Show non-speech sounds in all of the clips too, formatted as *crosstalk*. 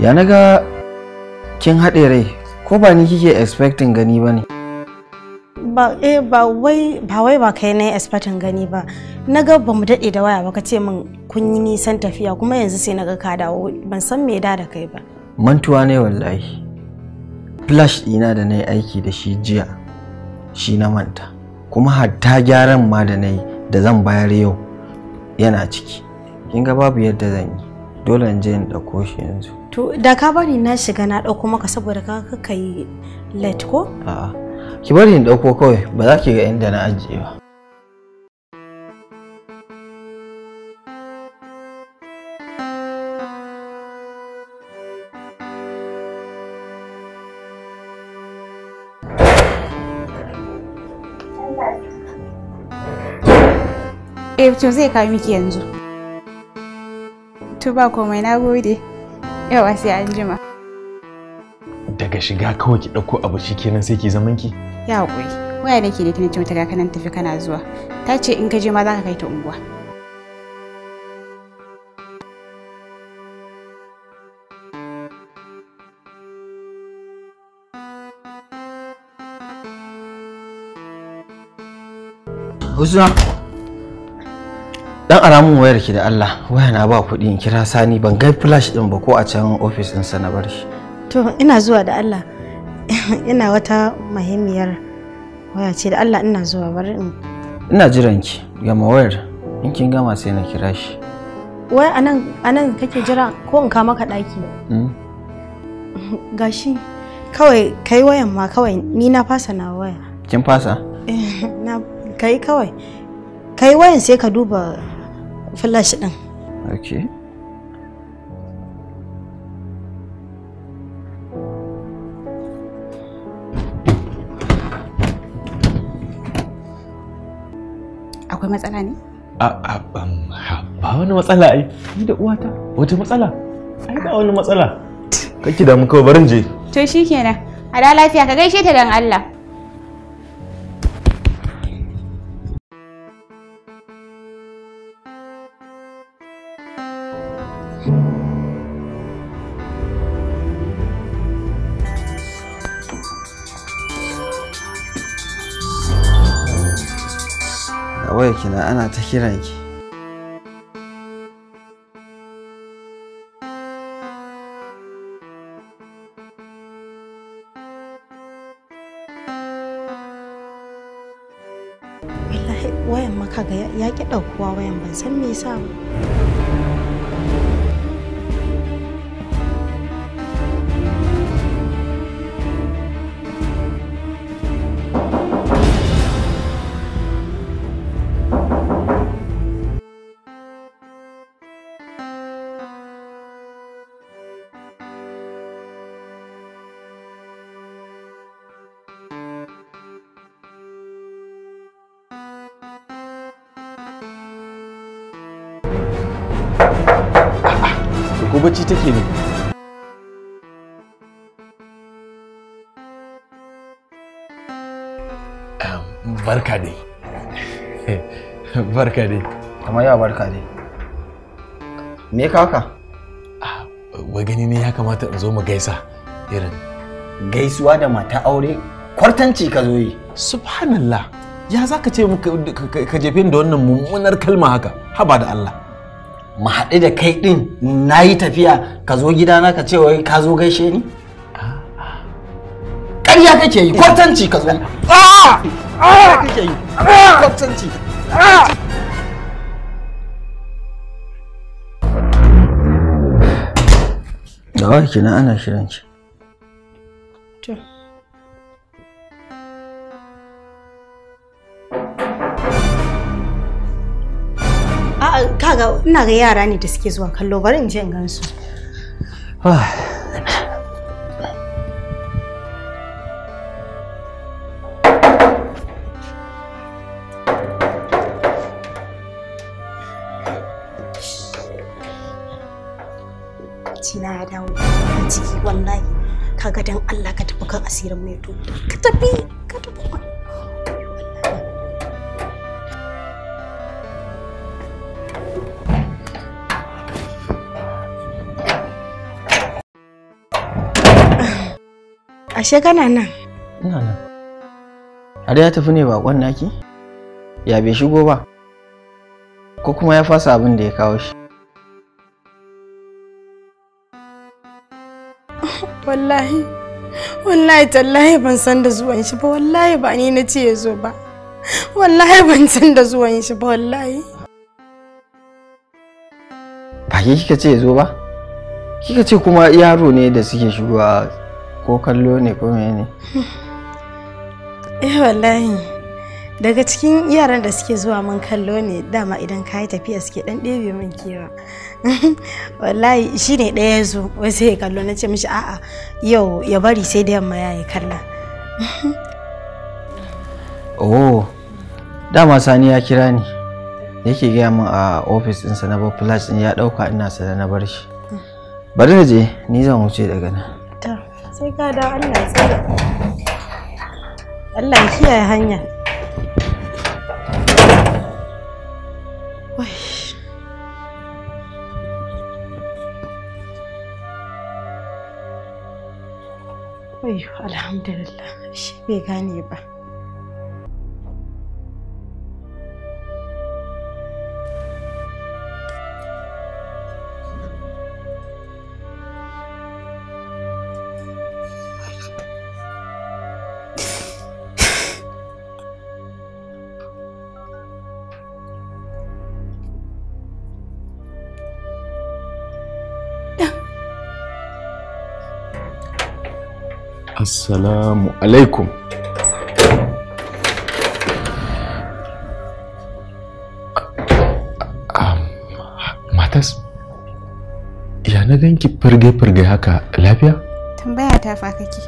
ya na ga kin haɗe rai ko ba ni kike expecting gani ba ne ba eh ba wai ba wai ba kai na expecting gani ba na ga ba mu daɗe da waya ba ka ce min kun yi nisan tafiya kuma yanzu sai na ga ka dawo ban san me da da kai ba mantuwa ne wallahi flash ɗina da na yi aiki da shi jiya shi na manta kuma hatta gyaran ma da na da zan bayar yau yana ciki kin ga babu yadda zan yi dole in je in ɗauko shi yanzu to da ka bari na shiga na ɗauko maka saboda ka kaka yi late ko a'a ki bari in ɗauko kawai ba za ki ga inda na ajiye ba Eh, to zai kawo miki yanzu. to ba komai na gode yawa sai an jima daga shiga kawai ki ɗauko abu shi kenan sai ki zaman ki ya haƙuri waya nake da tunace mata ga tafi kana zuwa ta ce in ka je ma za ka kai ta unguwa dan aramun wayar ki da Allah waya na ba kuɗi in kira sani ban ga flash din ba ko a can office din sa na bar shi to ina zuwa da Allah *laughs* ina wata muhimmiyar waya ce da Allah ina zuwa bar in ina jiran ki gama wayar in kin gama sai na kira shi wai anan anan kake jira ko in ka maka daki hmm? *laughs* gashi kawai kai wayan ma kawai ni na fasa na waya kin fasa *laughs* na kai kawai kai wayan sai ka duba flash din okay akwai matsala ne a ba wani matsala ai ni da uwata wata matsala ai ba wani matsala kake da mu kawai barin je to shikenan a da lafiya ka gaishe ta dan Allah wayarki na ana ta kiran ki wallahi wayan maka ga ya ki ɗaukuwa wayan ban san me yasa ba ko bacci take ne barka dai barka dai kamar yawa barka dai me ka haka ah, wai gani ne ya kamata in zo mu gaisa irin gaisuwa da mata aure kwartanci ka zo yi subhanallah ya za ka ce mu ka jefe da wannan mummunar kalma haka haba da Allah mu haɗu da kai ɗin na yi tafiya ka zo gidana ka ce wai ka zo gaishe ni? ƙarya kake yi kwatanci ka zo ƙarya kake yi kwatanci da wa kina ana shirin ki ina ga ina ga yara ne da suke zuwa kallo bari in je in gansu cina ah. ya dawo a ciki wallahi kaga dan Allah ka tafi kan asirin mai to ka tafi ka tafi Ashe kana nan? Ina nan. Har ya tafi ne bakon naki? Ya bai shigo ba? Ko kuma ya fasa abin da ya kawo shi? *laughs* Wallahi, wallahi tallahi ban san da zuwan shi ba, wallahi ba ni na ce ya zo ba. Wallahi ban san da zuwan shi ba, wallahi. Ba ke kika ce ya zo ba? Kika ce kuma yaro ne da suke shigowa ko kallo ne ko ne eh wallahi daga cikin yaran da suke zuwa mun kallo ne dama idan ka yi tafiya suke dan ɗebe min kewa *laughs* wallahi shi ne ɗaya zo wai sai ya kallo na ce mishi a'a yau ya bari sai da yamma ya yi kalla *laughs* oh dama sani ya kira ni yake gaya min a ofis ɗinsa na bar flash ɗin ya ɗauka ina sa na bar shi mm. bari na je ni zan wuce daga nan sai ka da Allah tsaya Allah ya kiyaye hanya Ayyo, alhamdulillah, shi bai gane ba. assalamu alaikum matas ya na ganki firge-firge haka lafiya tambaya ta fa kake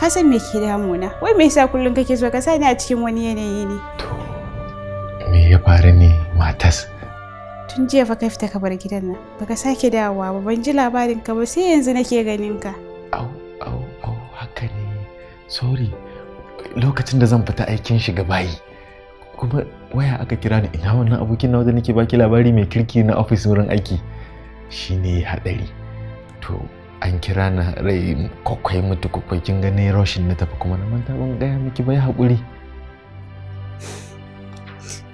ka san me ke damuna wai me yasa kullum kake so ka sani a cikin wani yanayi ne to me ya faru ne matas tun jiya fa ka fita ka bar gidan nan baka sake dawowa ba ban ji labarin ka ba sai yanzu nake ganin ka au sorry lokacin da zan fita aikin shi shiga bayi kuma waya aka kira ni ina wannan abokin na wanda nake baki labari mai kirki na ofis wurin aiki shine hadari to an kira na rai kwakwai mutu kwakwai kin ga ne roshin na tafi kuma na manta ban gaya miki bai haƙuri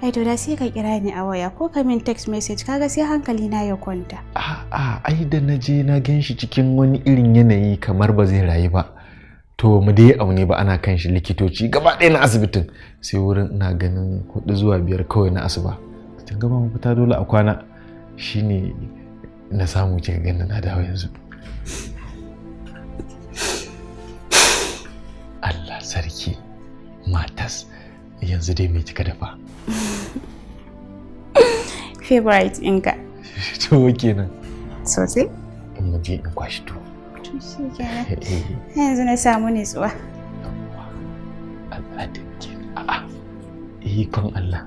ai to da sai ka kira ni a waya ko ka min text message kaga sai hankali na ya kwanta a'a ai da naje na gan shi cikin wani irin yanayi kamar ba zai rayu ba to mu dai aune ba ana kan shi likitoci gaba ɗaya na asibitin sai wurin ina ganin hudu zuwa biyar kawai na asuba tun gaba mu fita dole a kwana shine na samu kika ganin na dawo yanzu Allah sarki matas yanzu dai mai cika dafa favorite inka *laughs* to kenan sosai in mu je in kwashi tuwo to *laughs* yanzu na samu nutsuwa ikon Allah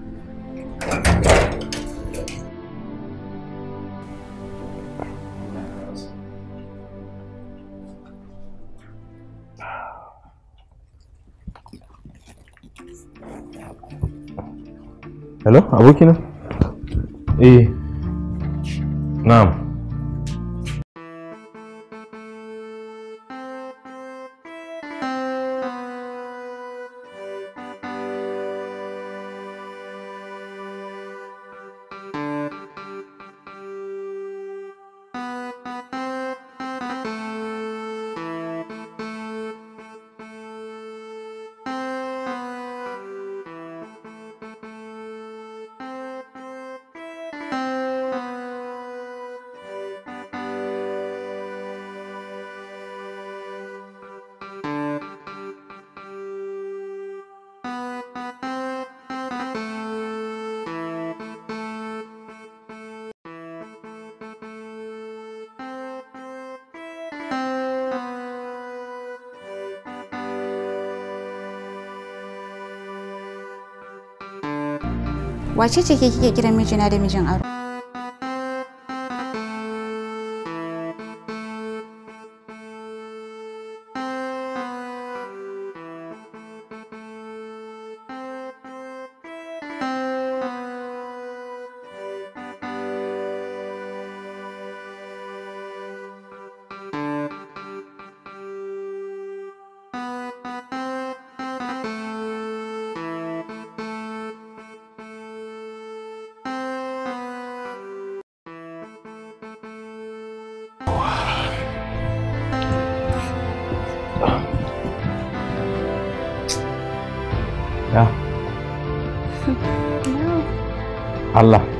Hello, abokina? Eh, na'am. wace ce ke kike kiran mijina da mijin aro الله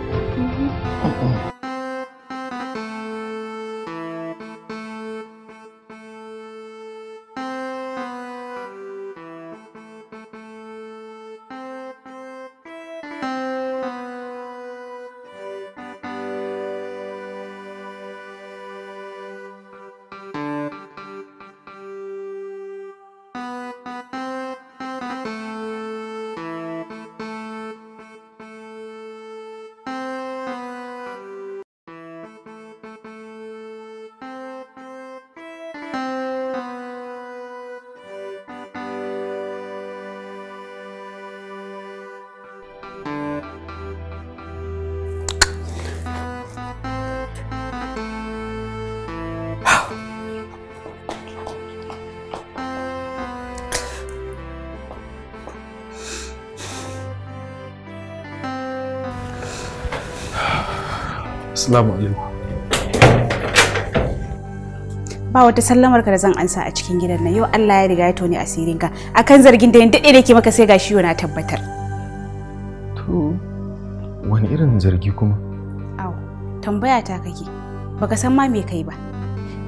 Assalamu alaikum. Ba wata sallamar ka da zan ansa a cikin gidan nan. Yau Allah ya riga ya tone asirin ka. Akan zargin da daɗe da ke maka sai gashi yau na tabbatar. To, wani irin zargi kuma? Aw, tambaya ta kake. Baka san ma me kai ba.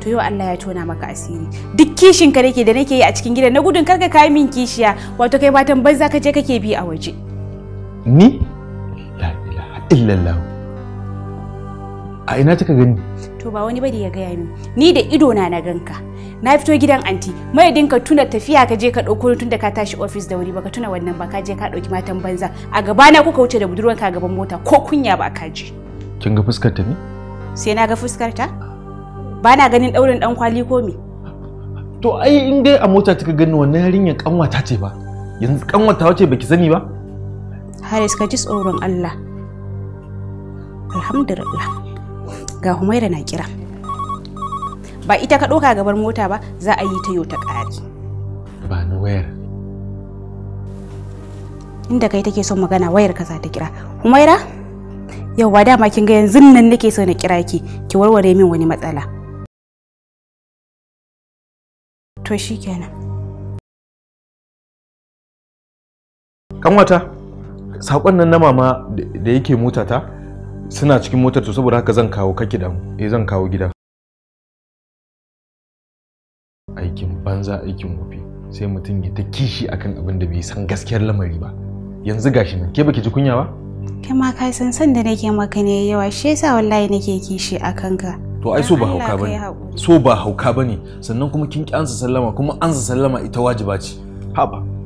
To yau Allah ya tona maka asiri. Duk kishin ka dake da nake yi a cikin gidan na gudun karka kai min kishiya. Wato kai ba banza ka je kake bi a waje. Ni? La ilaha illallah. a ina kika gani to ba wani bane ya gaya min ni da ido na na ganka na fito gidan anti mai dinka tuna tafiya ka je ka dauko tun da ka tashi office da wuri baka tuna wannan ba ka je ka dauki matan banza a gaba na kuka wuce da budurwanka a gaban mota ko kunya ba ka je. kin ga fuskar ta ne sai na ga fuskar ta ba na ganin daurin dan kwali ko me to ai in dai a mota kika gani wannan yarinyar kanwata ce ba yanzu kanwata wace baki sani ba Haris ka ji tsoron Allah alhamdulillah ga humaira na kira ba ita ka ɗauka gabar mota ba za a yi ta yau ta ƙari ba na wayar inda kai take son magana wayar ka za ta kira humaira yauwa dama kin ga yanzu nan nake so na kira ki ki warware min wani matsala to shikenan kanwata saƙon nan na mama da yake motata suna cikin motar to saboda haka zan kawo kaki da eh zan kawo gida aikin banza aikin wofi sai mutum ya ta kishi akan abin da bai san gaskiyar lamari ba yanzu gashi nan ke baki ji kunya ba kai ma ka san san da nake maka ne yawa shi yasa wallahi nake kishi akan ka to ai so ba hauka bane so ba hauka bane sannan kuma kin ki ansa sallama kuma ansa sallama ita wajiba ce haba